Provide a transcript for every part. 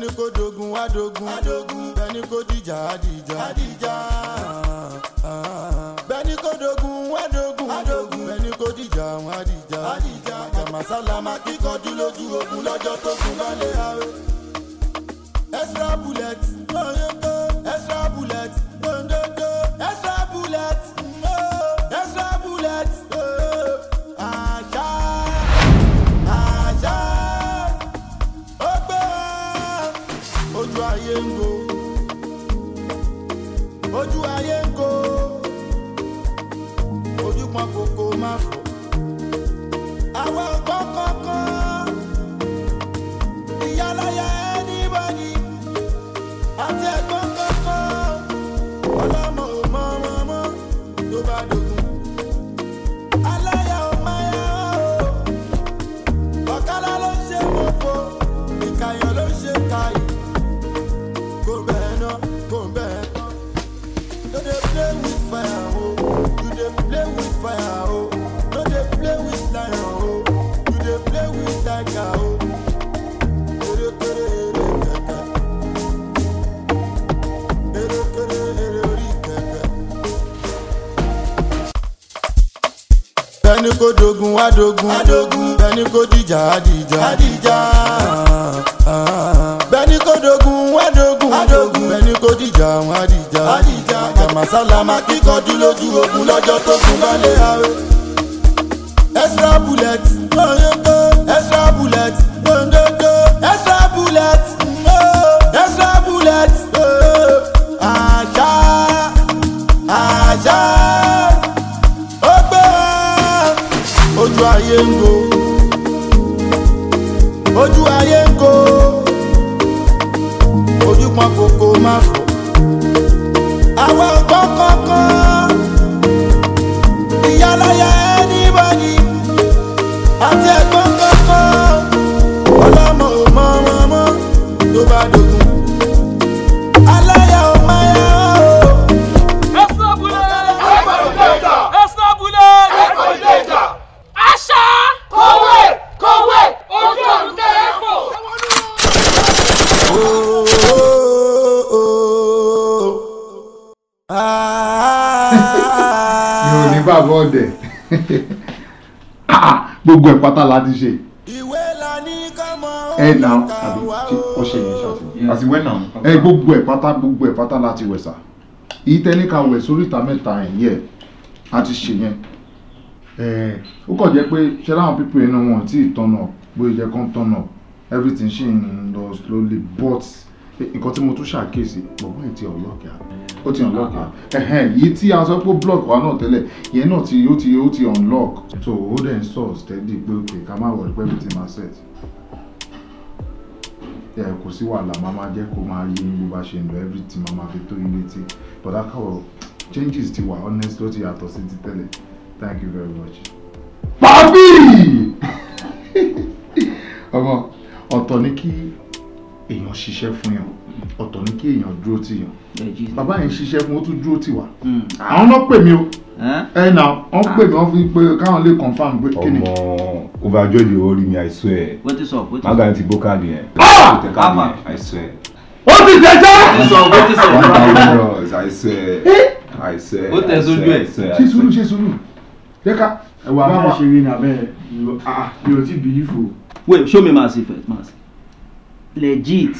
bẹ́ni kò dogun wá dogun bẹ́ni kò dìjà á dìjà. bẹ́ni kò dogun wá dogun bẹ́ni kò dìjà wá dìjà. àjàmásálàmá kíkanjú lójú ogun lọ́jọ́ tó kún lọ́lẹ́ àwẹ̀. extra bullet extra bullet. do go adógún adógún bẹ́ni kò dìjà adìjà adìjà bẹ́ni kò dogun adógún adógún bẹ́ni kò dìjà àwọn adìjà adìjà àjàmásálámà kíkanjú lójú ogun lọ́jọ́ tó kún lálẹ́ àwẹ̀. extra bullet lóyúndó extra bullet lóyúndó extra bullet extra bullet. ayé ń go ojú ayé ń go ojú pọn kòkó má fò. gbogbo ẹ̀ pátá la ti ṣe ẹ nà àbí ọṣẹ yẹn ṣàtì àti wẹ́nà ẹ gbogbo ẹ̀ pátá gbogbo ẹ̀ pátá la ti wẹ̀ sà ìtẹ́ni ká wẹ̀ sórí ìta mẹ́ta ẹ̀yìn ẹ̀ a ti ṣe yẹn ó kàn jẹ́ pé ṣe láwọn pípé inú wọn tí ìtọ́nà pé ó jẹ́ kán tọ́nà everything ṣì ń lọ slowly but nǹkan tí mo tún ṣàkíyèsí bọ̀bọ́ ẹ̀ ti ọ̀lọ́kẹ́ àbí ó ti unlock ẹ̀hẹ́n yìí tí a sọ pé block wa náà tẹ́lẹ̀ yẹn náà ti ó ti ó ti unlock. so ó dẹ̀ source? sọ steady pé òkè ká má wọlé pẹ́ mi ti máa set ẹ kò sí wàhálà máa máa jẹ́ kó máa yé bí wàá ṣe everything máa máa fi tó yín létí but that kind changes ti wà honestly ó ti yàtọ̀ sí ti tẹ́lẹ̀ thank you very much. pàbí ọmọ ọ̀tọ̀ ni kí èèyàn ṣiṣẹ́ fún yàn ọ̀tọ̀ ni kí èèyàn dúró tì yàn bàbá yẹn ṣiṣẹ́ fún ó tún dúró tì wá hmm. àwọn náà pè mí o ẹ nà wọ́n pè mí ah. wọ́n fi pé káwọn lè confam pé kí ni. ọmọ overjoyed orí mi i swear maga ti gbókà nìyẹn tẹka nìyẹn i swear. ó ti tẹ̀sán. ó ti sọ ó ti sọ. one thousand dollars eh? i swear i swear. ó tẹ̀ sójú ẹ̀. ṣé sùúrù ṣé sùúrù jẹ́ ká. ẹ̀wà máa ṣe rí ní abẹ́ ah, mi ò tí bìlífù. wait show me my secret mask legit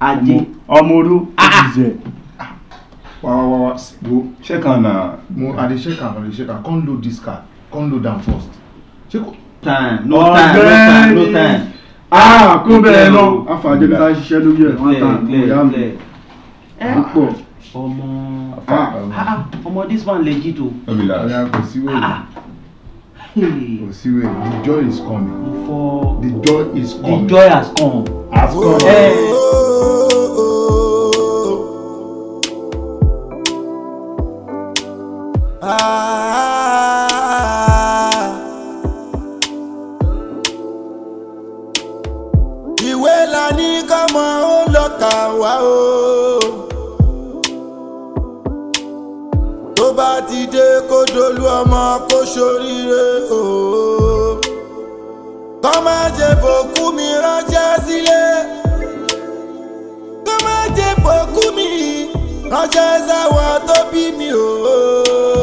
ajé ọmọru ojúzẹ. wa wa wa check am na. mo i dey check am i dey check am come load dis car come load am first. check o. time no time no time no time. ah, ah kó bẹ́ẹ̀ lọ àfàjẹ́ bí táyà ṣiṣẹ́ lórí ẹ̀ fún tàn bóyá mi. ẹ pọ̀ ọmọ ah, ah. ọmọ this one legit o. Oh. ọmọ ìlà Hey. Hmm. Osiwe, oh, the joy is coming. For the joy is coming. The joy has come. Has come. Oh, hey. Ah. Ìwé la ní kọ́mọ ó lọ́ta wá o. dìde kó dolú ọmọ kó ṣoríire ooo. kọ́ jẹ́ fòkú mi ránṣẹ́ sílé. kọ́ má jẹ́ fòkú mi ránṣẹ́ sáwọn tó bí mi ooo.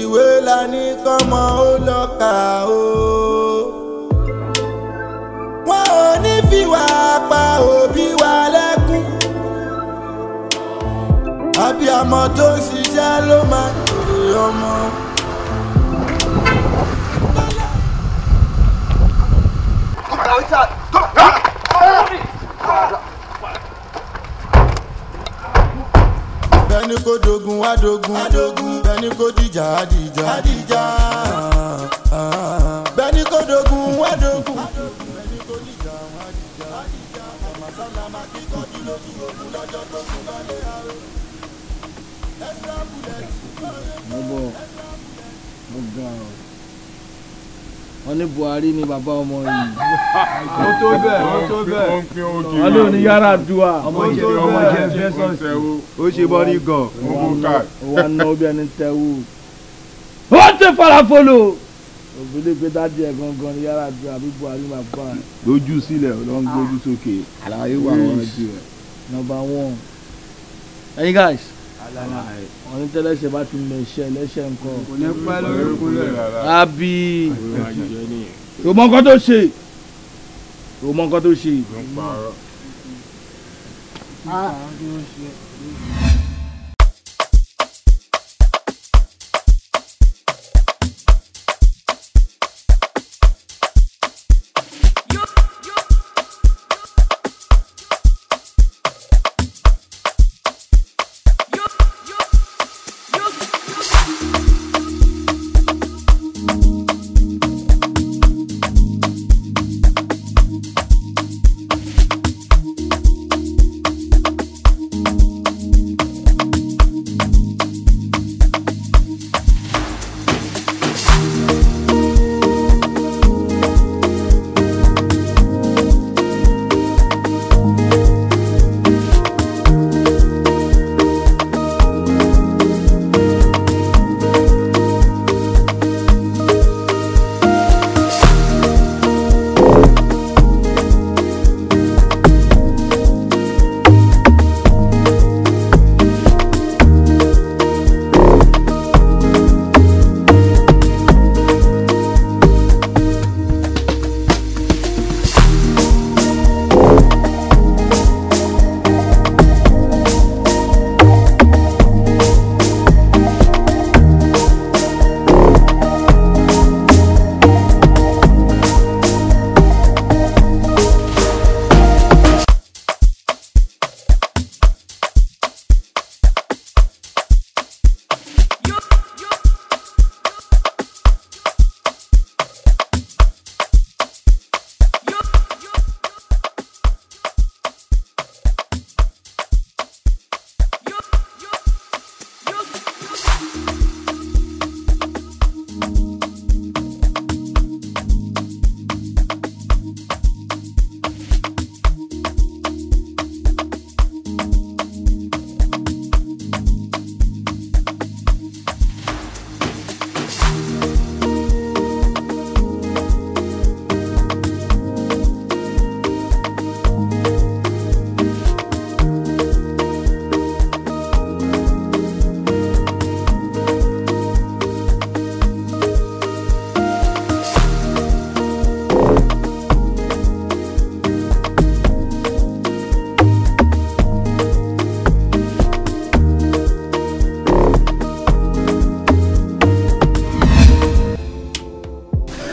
ìwé la kọ́mọ ó lọ kà ooo. wọn ò ní fi wá pa òbí. abiyamọ tó ń ṣiṣẹ́ ló máa ń lòrè ọmọ. bẹ́ẹ̀ni kò dogun wá dogun bẹ́ẹ̀ni kò dìjà á dìjà bẹ́ẹ̀ni kò dogun wá dogun. bẹ́ẹ̀ni kò ọbọ mo ga ọ wọn ní Buhari ni bàbá ọmọ yìí. ó tó bẹ́ẹ̀ ó tó bẹ́ẹ̀ wọn ló ní yàrá dùà ọmọ jẹ ọmọ jẹ fẹsọsì ó ṣe bọ́rí gan. wọn ná obi ẹni tẹ́wọ́ ó ti fara fọlọ́ òbílẹ̀ pé dájú gangan ni yàrá ju àbí buhari máa bá a. lójú sílẹ̀ ló ń gbójú sókè àlàyé wà wọ́n ju ẹ̀. number one. hey guys ọ̀rẹ́ tẹ́lẹ̀ṣẹ̀ bá ti lè ṣe ẹlẹ́ṣẹ̀ nǹkan. kò ní pẹ́ lórí kúlẹ̀ rárá. àbí kò mọ nǹkan tó ṣe kò mọ nǹkan tó ṣe.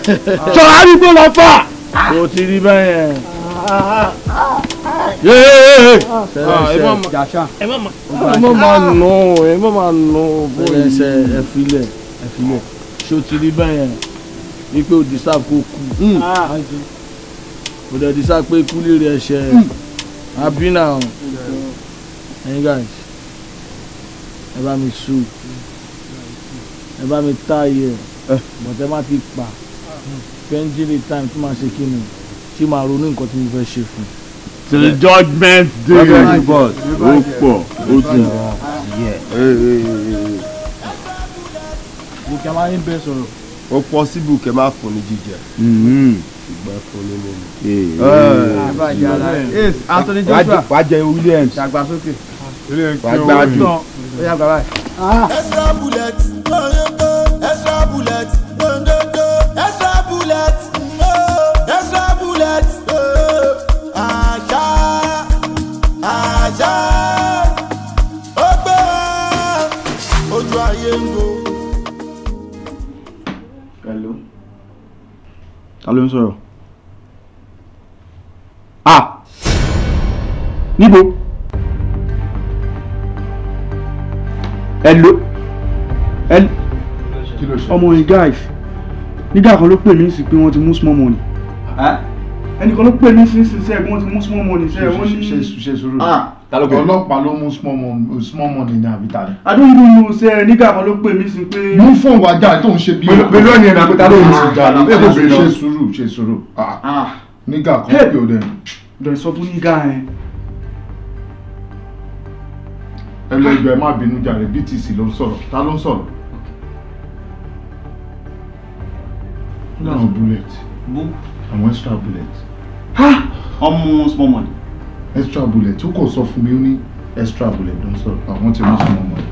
sọ̀rọ̀ àdúgbò lọ fà. o ti rí báyẹn. Ah, ẹ má máa nù ẹ má máa nù bóyá ẹ filẹ̀ ẹ filẹ̀ ṣé o ti rí báyẹn wípé o deserve kó kú o hmm. ah, dẹ̀ deserve pé kú lè rí ẹsẹ̀ àbí náà ẹ̀yin guys ẹ bá mi sùn ẹ bá mi táyé eh. bọ̀tẹ́ má ti pa pendulum time tí màá ṣe kí ni tí màá ronú nǹkan tí mo fẹ́ ṣe fún. till judgment day ó pọ̀ ó dùn. mo kí a máa ń bẹ sọ̀rọ̀. ó possible kẹ́ máa fún ní jíjẹ mm-hmm. ṣùgbọ́n fún ní mímu. Anthony Joshua wájẹ Williams ṣàgbàsókè wájẹ Adùn. extra bullet extra bullet. ta ló ń sọ̀rọ̀ ah níbo hello hello ọmọ yìí guys nígbà kan ló pè mí sí pé wọ́n ti mú small money ẹnìkan ló pè mí sí sí sẹ́ẹ̀ pé wọ́n ti mú small money sẹ́ẹ̀ wọ́n ní ṣe sùúrù ọlọ́pàá ló mú small money ní àbíta rẹ̀. adúgbò mu sẹ nígbà kan ló pè mí sí pé. mú fún wa já tó ń ṣe bí. pẹ̀lú ẹni ẹ̀nà àgbẹ̀ta ló ń ṣe jà ní pẹ̀lú ẹni ṣe sùúrù ṣe sùúrù. Ah, ah. nígbà kan pé o dẹ̀. bẹ̀rẹ̀ sọ fún nígbà yẹn. ẹlẹgbẹ́ ẹ má bínú jàre BTC ló ń sọ̀rọ̀ ta ló ń sọ̀rọ̀. láwọn bullet àwọn extra bullet. ọmọ small money extra bullet ó kò sọ fún mi ó ní extra bullet ló ń sọ àwọn tí wọ́n sún ọmọ rẹ̀.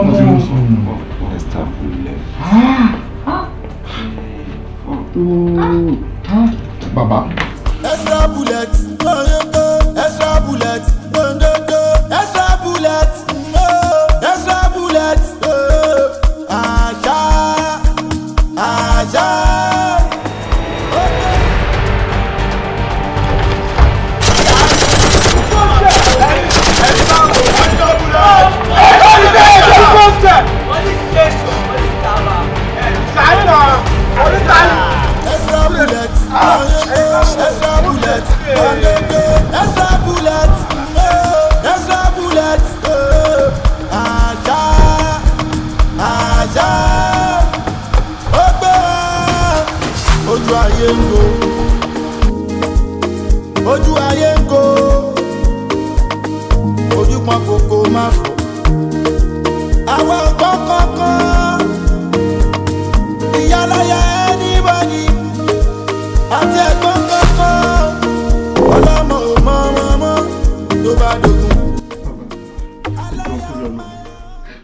ọmọ tí wọ́n sún ọmọ rẹ̀. extra bullet. Oh, bàbá. extra bullet oh, extra bullet.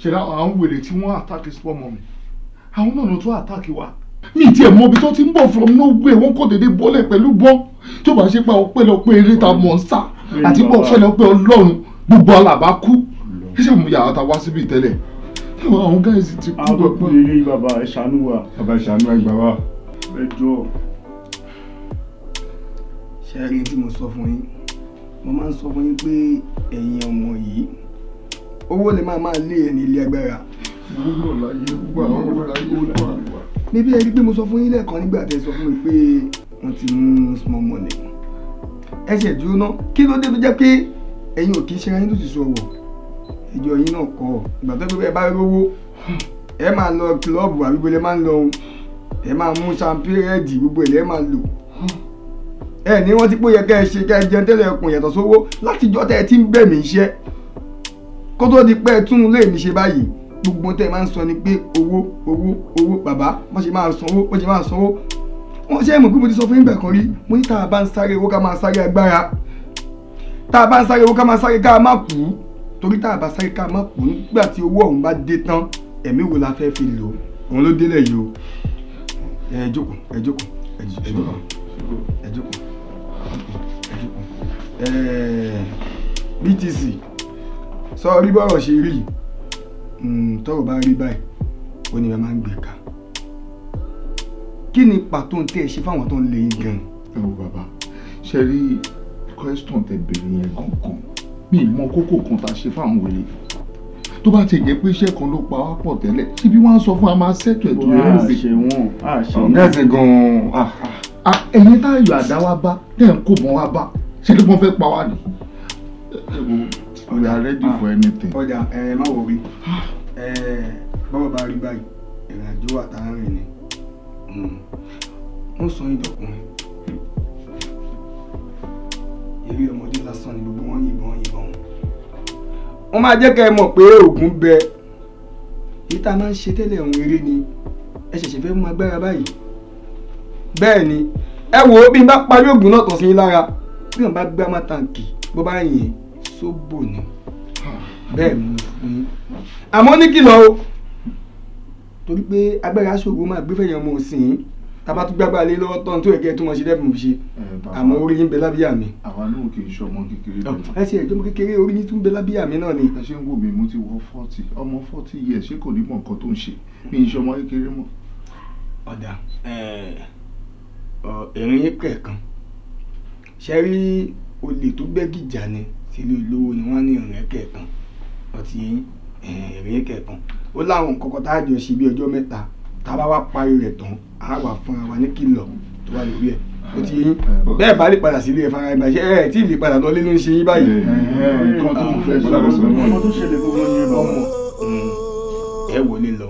ṣẹlẹ àwọn wèrè tí wọ́n àtàkì small mummy àwọn náà ló tún àtàkì wa mi tiẹ̀ mọ ibi tó ti ń bọ̀ from nowhere wọ́n kò dédé bọ́lẹ̀ pẹ̀lú bọ́ tí ó bá ṣe pa ọpẹ́ lọ pé eré ta mọ̀ ń sà àti bọ́ ọpẹ́ lọ pé ọlọ́run gbogbo alàbá kú ẹ ṣàmúyà àtà wá síbi tẹ́lẹ̀ àwọn gáàsì ti kú pẹ̀pẹ́. àwọn eré bàbá ìṣàánú wa bàbá ìṣàánú ẹgbàá wa. ẹ jọ ṣe é rí tí mo sọ fún yín mo máa ń sọ fún yín pé ẹ̀yin ọmọ yìí owó lè máa máa lé ẹni ilé agbára. níbi ẹni pé mo sọ fún yín lẹ́ẹ̀kan nígbà tẹ́ sọ fún mi pé wọ́n ti mú small money. ẹ ṣe dúró ná kí ló dé tó jẹ́ pé ẹ̀yin ò kí ń ṣe ẹyin tó ti sọ̀rọ̀ ìjọ yín náà kọ́ ìgbà tó gbé bá rówó ẹ máa lọ kílọ̀bù àbíbo lẹ máa ń lọ ẹ máa mú champirẹ́ẹ̀dì gbogbo ẹ̀ lẹ́ máa lò ẹ ní wọ́n ti pé ó yẹ kẹ́ ẹ ṣe kẹ́ ẹ jẹun tẹ́lẹ̀ ẹkùn yàtọ̀ sówó látijọ́ tẹ́ ẹ ti ń bẹ̀ mí iṣẹ́ kó tó di pé tún lè ní ṣe báyìí gbogbo tẹ́ máa ń sọ ni pé owó owó owó bàbá wọ́n ṣe máa sanwó wọ́n ṣe máa sanwó wọ́n ṣe mọ̀ pé mo ti sọ fún ìgbà kan rí mo ní tá a bá ń sáré owó ká máa sáré agbára tá a bá ń sáré owó ká máa sáré ká má kú torí tá a bá sáré ká má kú nígbà tí owó ọ̀hún bá dé tán ẹ̀mí wo la fẹ́ fi lò òun ló délẹ̀ yìí o ẹ jókòó ẹ jókòó ẹ jókòó ẹ jókòó ẹ jókòó ẹ BTC sọ rí bọ́rọ̀ ṣe rí hmm, tọ́rọ̀ bá rí báyìí ó ní ẹ máa ń gbé ká kí ni pàtó ń tẹ ẹ ṣe fáwọn tó ń lé yín gan. ẹ wo bàbá ṣe rí question tẹ bèrè yẹn gangan mi ì mọ kókó kan tá a ṣe fáwọn wèlé tó bá ti jẹ́ pé iṣẹ́ kan ló pa wá pọ̀ tẹ́lẹ̀ síbi wọ́n á sọ fún wa máa ṣètò ẹ̀tọ́ yẹn lóbi. ọ̀gá ẹ̀sìn gan-an. Ah, ah, ah, ẹ̀yin táyọ̀ àdá wa bá tẹ̀ ń kó bọ́n wa bá ṣé kí wọ́n fẹ́ pa wá ni we are ready ah. for anything. ọjà ẹ má wọrí ah. bọ́wọ́ bá rí báyìí ìrìnàjò wà táàrin ni wọ́n hmm. sọ ìdọ̀kùnrin eré ọmọdé lásán ni gbogbo wọn yìnbọn yìnbọn wọn máa jẹ́ kẹ́ ẹ mọ̀ pé oògùn bẹ èyí tá a máa ń ṣe tẹ́lẹ̀ ohun eré ni ẹ ṣẹ̀ṣẹ̀ fẹ́ mú agbára báyìí bẹ́ẹ̀ ni ẹ wò ó bí n bá parí oògùn náà tọ̀ sí yín lára bí wọn bá gbá má tàǹkì bó bá yìn sóbò ni bẹ́ẹ̀ ni mo pín àmọ́ ní kìlọ̀ o torí pé agbára ṣòro máa gbé fẹ̀yàn mọ́ sí i tábà tún gbàgbà lé lọ́wọ́ tán tó ẹ̀kẹ́ tó mọ̀ ṣe dẹ́bùn ṣe àmọ́ orí yín bẹ lábíyà mi. àwa náà kì í ṣe ọmọ kékeré lọ. ẹ ṣe ìjọba kékeré orí yín tún bẹ lábíyà mi náà ni. ẹ ṣe ń wò mí mo ti wọ fọ́ọ̀tì ọmọ fọ́ọ̀tì yẹ ṣé kò ní mọ nǹkan tó ń ṣe mi ì ṣe ọmọ kékeré mọ́. ọ̀dà ẹ̀rín yín kẹ̀kan olè tó gbẹ́gìjà ni sílé olówó ni wọ́n ní ìrìn ẹ̀kẹ́ kan ọtí ìrìn ẹ̀kẹ́ kan ó láwọn nǹkan kan tá a jọ ṣe bí ọjọ́ mẹ́ta tá a bá wá parí rẹ̀ tán a wà fún wa ní kìlọ̀ tó wà lórí ẹ̀ ó ti yín bẹ́ẹ̀ bá lè padà sílé ẹ̀ fara ẹ̀ bàṣẹ́ ẹ̀ tí ì lè padà lọlé ló ń ṣe yín báyìí. ọmọ tó ṣẹlẹ̀ gbogbo yín lọ́mọ ẹ wọlé lọ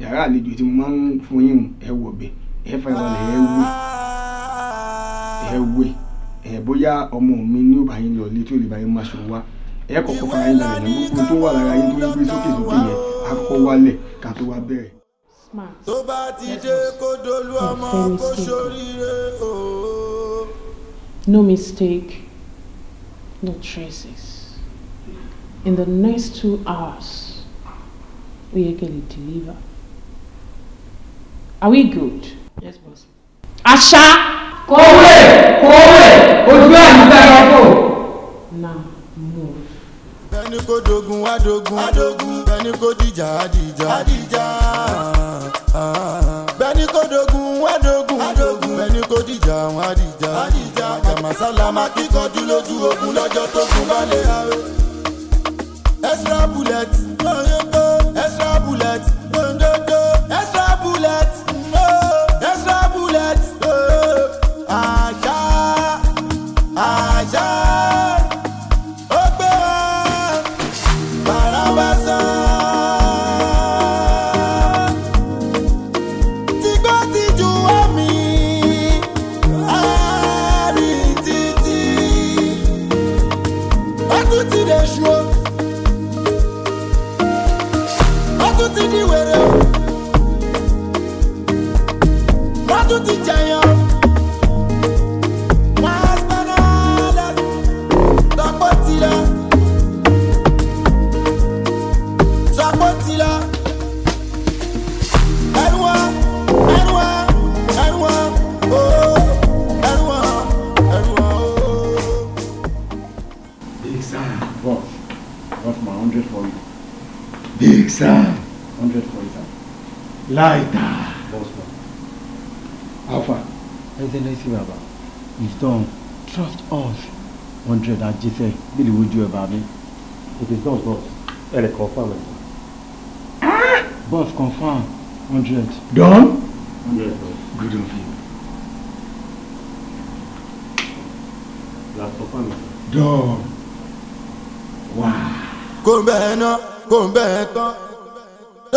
yàrá àlejò tí mo máa ń fún yín ẹ wọ̀ bẹ́ẹ̀ ẹ fara balẹ̀ ẹ wé ẹ wé ẹ bóyá ọmọ mi ní òbá yín lọ ilé tí ò bá yín máa ṣòwò wá ẹ kọ́kọ́ fara yín lálẹ́ náà tó wà lára yín tó ń gbé sókè sókè yẹn á kọ́kọ́ ká tó wá bẹ̀rẹ̀. tó bá ti dé kó dolú ọmọ kó ṣoríire o. No mistake, no traces. In the next two hours, we are going to deliver. Are we good? Yes, boss. Asha! Kowe, kowe, ojú àyíká ẹranko. Na mo. Bẹ́ni kò dogun wá dogun, kò dìjà á dìjà. Ah, ah. kò dogun wá dogun, kò dìjà wá dìjà. Àjàmásálámà kíkanjú lójú ogun lọ́jọ́ tó kún bá lè ha. tún ti di wèrè o wọ́n tún ti jẹyìn. láì dáa. alfa ẹsẹlẹsì bàbá it's done trust us hundred ajẹsẹ bíi ìwójú ẹ bàbá it is done boss ẹ lè confam ẹ. Ah! boss confam hundred. done. hundred good of you. la confam done. wá. kò ń bẹ́ẹ̀ ná kò ń bẹ́ẹ̀ tán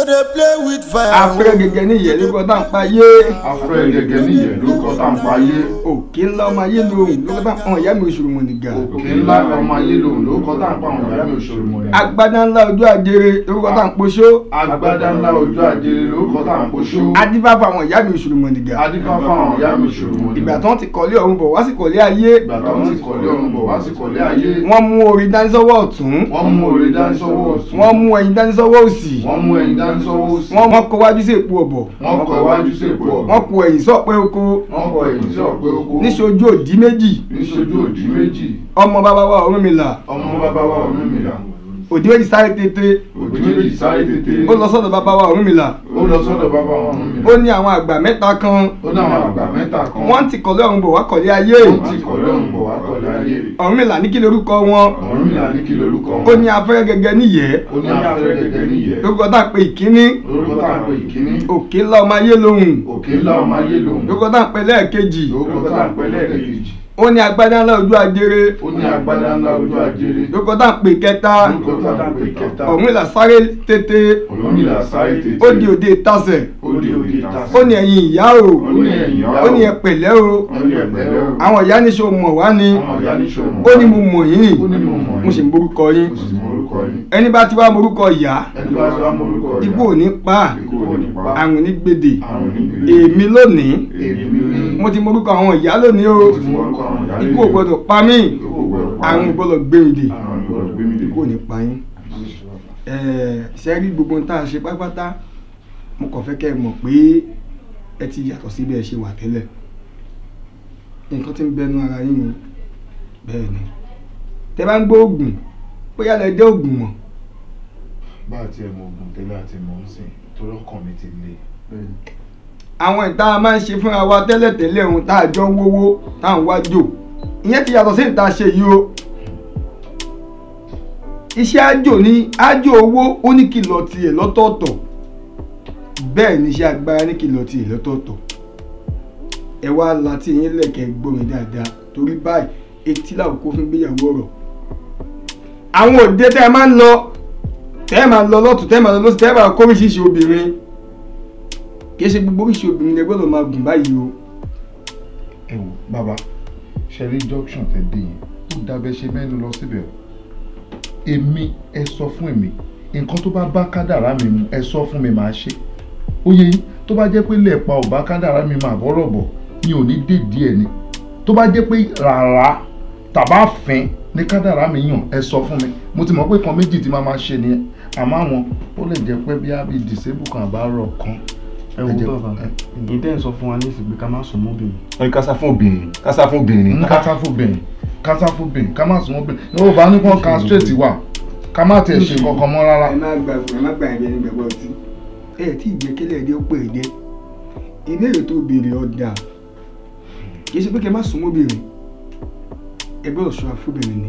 to dey play with fire. afrẹ gẹ́gẹ́ ní ìyẹlú kọ tá n pa yé. afrẹ gẹ́gẹ́ ní ìyẹlú kọ tá n pa yé. òkè ńlá ọmọ ayé lòun ló kọ tá n pa ọ̀yá mi òṣòro mọ̀ nìga. òkè ńlá ọmọ ayé lòun ló kọ tá n pa ọ̀yá mi òṣòro mọ̀ nìga. agbádá ńlá ojú àjèrè ló kọ tá n poṣó. agbádá ńlá ojú àjèrè ló kọ tá n poṣó. adífá fáwọn ìyá mi òṣòro mọ̀ nìga. adífá fáwọn ìyá mi òṣòro mọ̀ nìga. ìgbà tó ń ti kọ́lé ọ̀run bọ̀ wá sí kọ́lé ayé. ìgbà tó ń ti kọ́lé ọ̀run bọ̀ wá sí kọ́lé wọ́n kọ wájú sí èpo ọ̀bọ̀ wọ́n kọ wájú sí èpo ọ̀bọ̀ wọ́n ẹ̀yìn sọ̀pẹ́ oko wọ́n kọ ẹ̀yìn sọ̀pẹ́ oko níṣojú òdì méjì níṣojú òdì méjì ọmọ bàbá wa Ọ̀rúnmìlà ọmọ bàbá wa Ọ̀rúnmìlà òdì méjì sáré tètè òdì méjì sáré tètè ó lọ sọ́dọ̀ bàbá wa Ọ̀rúnmìlà ó lọ sọ́dọ̀ bàbá wa Ọ̀rúnmìlà ó ní àwọn àgbà mẹ́ta kan ó ní àwọn àgbà mẹ́ta kan wọ́n ti kọ̀lé ọ̀run bọ̀ wá kọ̀lé ayé wọ́n ti kọ̀lé ọ̀run bọ̀ wá kọ̀lé ayé Ọ̀rúnmìlà ní kí lorúkọ wọn Ọ̀rúnmìlà ní kí lorúkọ wọn ó ní afẹ́rẹ́ gẹ́gẹ́ níyẹ́ ó ní afẹ́rẹ́ gẹ́gẹ́ níyẹ́ lórúkọ tá à ń pe ìkíní lórúkọ tá à ń pe ìkíní òkè ńlá ọmọ ayé lòun òkè ó ní agbádá ńlá ojú ajere. ó ní agbádá ńlá ojú ajere. lóko tá à ń pè kẹta. lóko tá à ń pè kẹta. ọ̀hún là sáré tètè. ọ̀hún là sáré tètè. ó di òde tasẹ̀. ó di òde tasẹ̀. ó ní ẹ̀yin ìyá o. ó ní ẹ̀yin ìyá o. ó ní ẹ pẹ̀lẹ́ o. ó ní ẹ pẹ̀lẹ́ o. àwọn ìyá ní so mọ̀ wá ni. àwọn ìyá ní so mọ̀ wá ni. ó ní mo mọ̀ yín. ó ní mo mọ̀ yín. mo sì ń yín. ẹni bá ti wá morúkọ ìyá. ikú ò ní pa. àrùn ní gbèdè. èmi lónìí. mo ti morúkọ àwọn ìyá lónìí o ikú ò gbọdọ̀ pa mí àrùn ò gbọdọ̀ gbé mi dè ikú ò ní pa yín ṣe rí gbogbo ohun tá a ṣe pátápátá mo kàn fẹ́ kẹ́ ẹ mọ̀ pé ẹ ti yàtọ̀ sí bí ẹ ṣe wà tẹ́lẹ̀ nǹkan tí ń bẹnu ara yín ni bẹ́ẹ̀ ni tẹ bá ń gbọ́ oògùn bóyá lẹ dé oògùn mọ̀. bá a ti ẹ̀ mọ oògùn tẹ́lẹ̀ àti mọ̀ ń sìn tó lọ́kàn mi ti le àwọn ìta máa ń ṣe fúnra wa tẹ́lẹ̀tẹ́lẹ̀ ohun tá a jọ ń wówó tá à ń wá jò ìyẹn ti yàtọ̀ sí ìta ṣe yìí o iṣẹ́ àjò ni àjò owó ó ní kìlọ̀ tiẹ̀ lọ́tọ̀ọ̀tọ̀ bẹ́ẹ̀ ni iṣẹ́ agbára ní kìlọ̀ tiẹ̀ lọ́tọ̀ọ̀tọ̀ ẹ wá la tí yín lẹ̀kẹ́ gbọ́mi dáadáa torí báyìí etí làkókò fún gbéyàwó ọ̀rọ̀ àwọn òde tẹ́ ẹ máa ń lọ tẹ́ ẹ máa lọ lọ́tún tẹ́ ẹ máa lọ lọ́sùn tẹ́ ẹ máa kó oríṣiríṣi obìnrin kì í ṣe gbogbo oríṣi obìnrin ẹ gbọ́dọ̀ máa gùn báyìí o. ẹ wò bàbá ṣẹlẹ junction tẹ dé yẹn ó dábẹ ṣe mẹ́nu lọ síbẹ̀ èmi ẹ sọ fún èmi nǹkan tó bá bá kádàrá mi mu ẹ sọ fún mi màá ṣe ó yẹ tó bá jẹ́ pé lẹ́ẹ̀pa ò bá kádàrá mi máa bọ́rọ̀ bọ̀ mi ò ní dèdí ẹ̀ ni tó bá jẹ́ pé rárá tàbá fín ní kádàrá mi yàn ẹ sọ fún mi mo ti mọ̀ pé kan méjì tí máa máa ṣe nìyẹn àmọ́ àwọn ó lè jẹ́ pé bí a bí disable kan àbá rọ̀ kan ẹ wo bàbá ìdẹ́ ń sọ fún wa ní ìsìnkú ká má sùn mọ́bìnrin. ẹ kásá fún obìnrin kásá fún obìnrin. kásá fún obìnrin kásá fún obìnrin ká má sùn mọ́bìnrin yóò bá nípọn kan straight wà ká má tiẹ̀ ṣe kankan mọ́ rárá. ẹ má gbà ẹ má gbà ẹ bẹ́ẹ̀ ni gbàgbọ́ ẹ tí ìgbẹ́kẹ̀lẹ̀ ẹ̀dẹ́ ó pè é dé ìbéèrè tó béèrè ọ̀dà kì í ṣe pé kẹ́ má sùn mọ́bìnrin ẹgbẹ́ ọ̀ṣọ́ afúbìnrin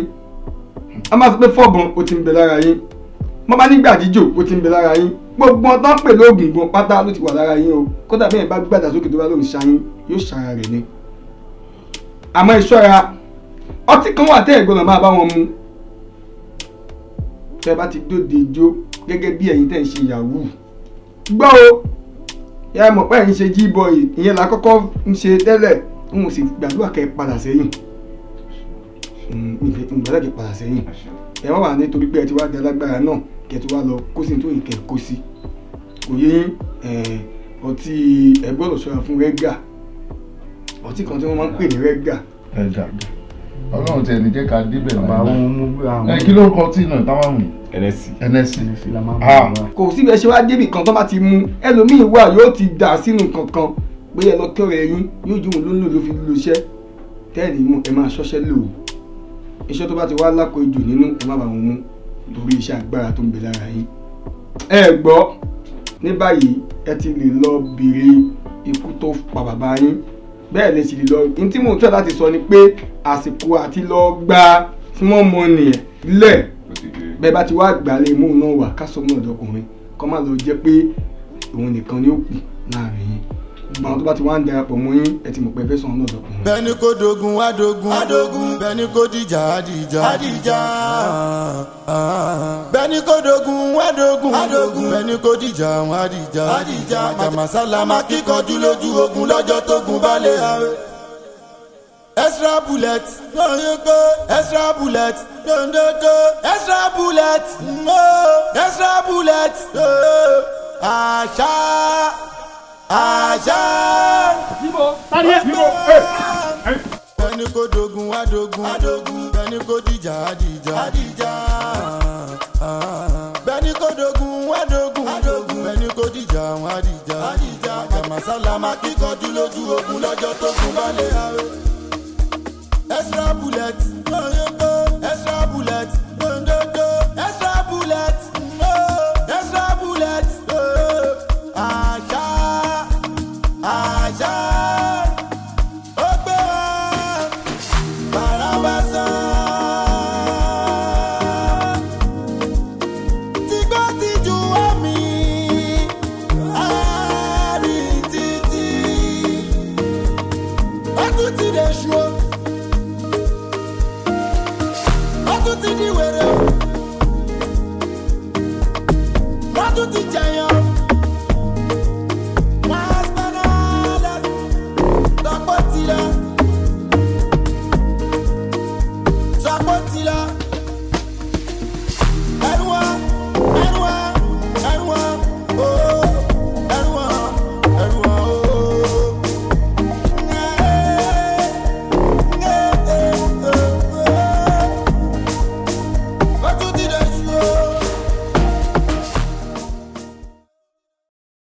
ni a máa sọ pé fọ́bọ̀n ó ti ń bẹ lára yín mo bá nígbà jíjò ó ti ń bẹ lára yín gbogbo ọ̀n tó ń pè lóògùn gan pátá ló ti wà lára yín o kódà bẹ́ẹ̀ bá gbàdà sókè tó bá lóun ṣayín yóò ṣara rẹ̀ ni. àmọ́ ìṣọ́ra ọtí kan wà tẹ́ ẹ̀gbọ́n máa bá wọn mu tẹ́ bá ti dóde ijó gẹ́gẹ́ bí ẹ̀yin tẹ́ ń ṣe yahoo gbọ́ o yàrá mọ̀ pé ẹ̀yin ṣe jí bọ̀ ìyẹn là kọ́kọ́ ń ṣe tẹ́lẹ̀ ń sì gbàdúrà kẹ́ padà sẹ́yìn ìgbàlá ti padà sẹ́yìn ẹ wá wà nítorí pé ẹ ti wá di alágbára náà kẹ ti wá lọ kó sí nítorí kẹ kó sí òye ọtí ẹ gbọ́dọ̀ ṣọ́ra fún rẹ́gà ọtí kan tí wọ́n máa ń pè ní rẹ́gà. ẹ dàgbà ọlọ́run tiẹ̀ ní jẹ́ ká débẹ̀ náà ẹ kí ló kọ tí náà táwọn mú. ẹnẹsì ẹnẹsì kò sí bẹ́ẹ̀ ṣe wá débì kan tó bá ti mú ẹlòmíín wà yóò ti dà sínú kankan pé ẹ lọ kẹ́rọ ẹyin yóò jù wọn lónìí ló fi lóṣẹ́ tẹ́ẹ̀lì mú ẹ máa ṣọ́ṣẹ́ lòó iṣẹ́ tó bá ti wá lákòójù nínú ẹ má bàa wọn mú lórí iṣẹ́ agbára tó ń bẹ lára yín. ẹ gbọ́ ní báyìí ẹ ti lè lọ bèrè ikú tó pa bàbá yín bẹ́ẹ̀ lè sì lè lọ ní tí mò ń tọ́ láti sọ ni pé àsìkò àti lọ gba small money ẹ̀ lẹ̀ bẹ́ẹ̀ bá ti wá gbàlẹ̀ mú un náà wà ká sọ mọ́ ọ̀dọ́kùnrin kọ́ má lọ jẹ́ pé òun nìkan ni ó kù láàrin yín gbogbo àwọn tó bá ti wá ń darapọ̀ mọ́ yín ẹ ti mọ̀ pé fẹ́sàn náà dọ̀kun. bẹ́ẹ̀ni kò dogun adogun adogun bẹ́ẹ̀ni kò dìjà adìjà adìjà bẹ́ẹ̀ni kò dogun adogun adogun bẹ́ẹ̀ni kò dìjà àwọn adìjà adìjà àjàmásálàmà kíkanjú lójú ogun lọ́jọ́ tógun bá lè hàwé. extra bullet gbọ̀nyẹ́gbẹ́ extra bullet gbọ̀nyẹ́gbẹ́ extra bullet extra bullet àṣà àṣà. bíbo tani ẹ bíbo ẹ. ẹni kò dogun wá dogun ẹni kò dìjà á dìjà. Ah, ah. bẹ́ẹ̀ni kò dogun wá dogun ẹni kò dìjà wá dìjà. àjàmásálàmà kíkanjú lójú ogun lọ́jọ́ tó kún bá lè extra bullet.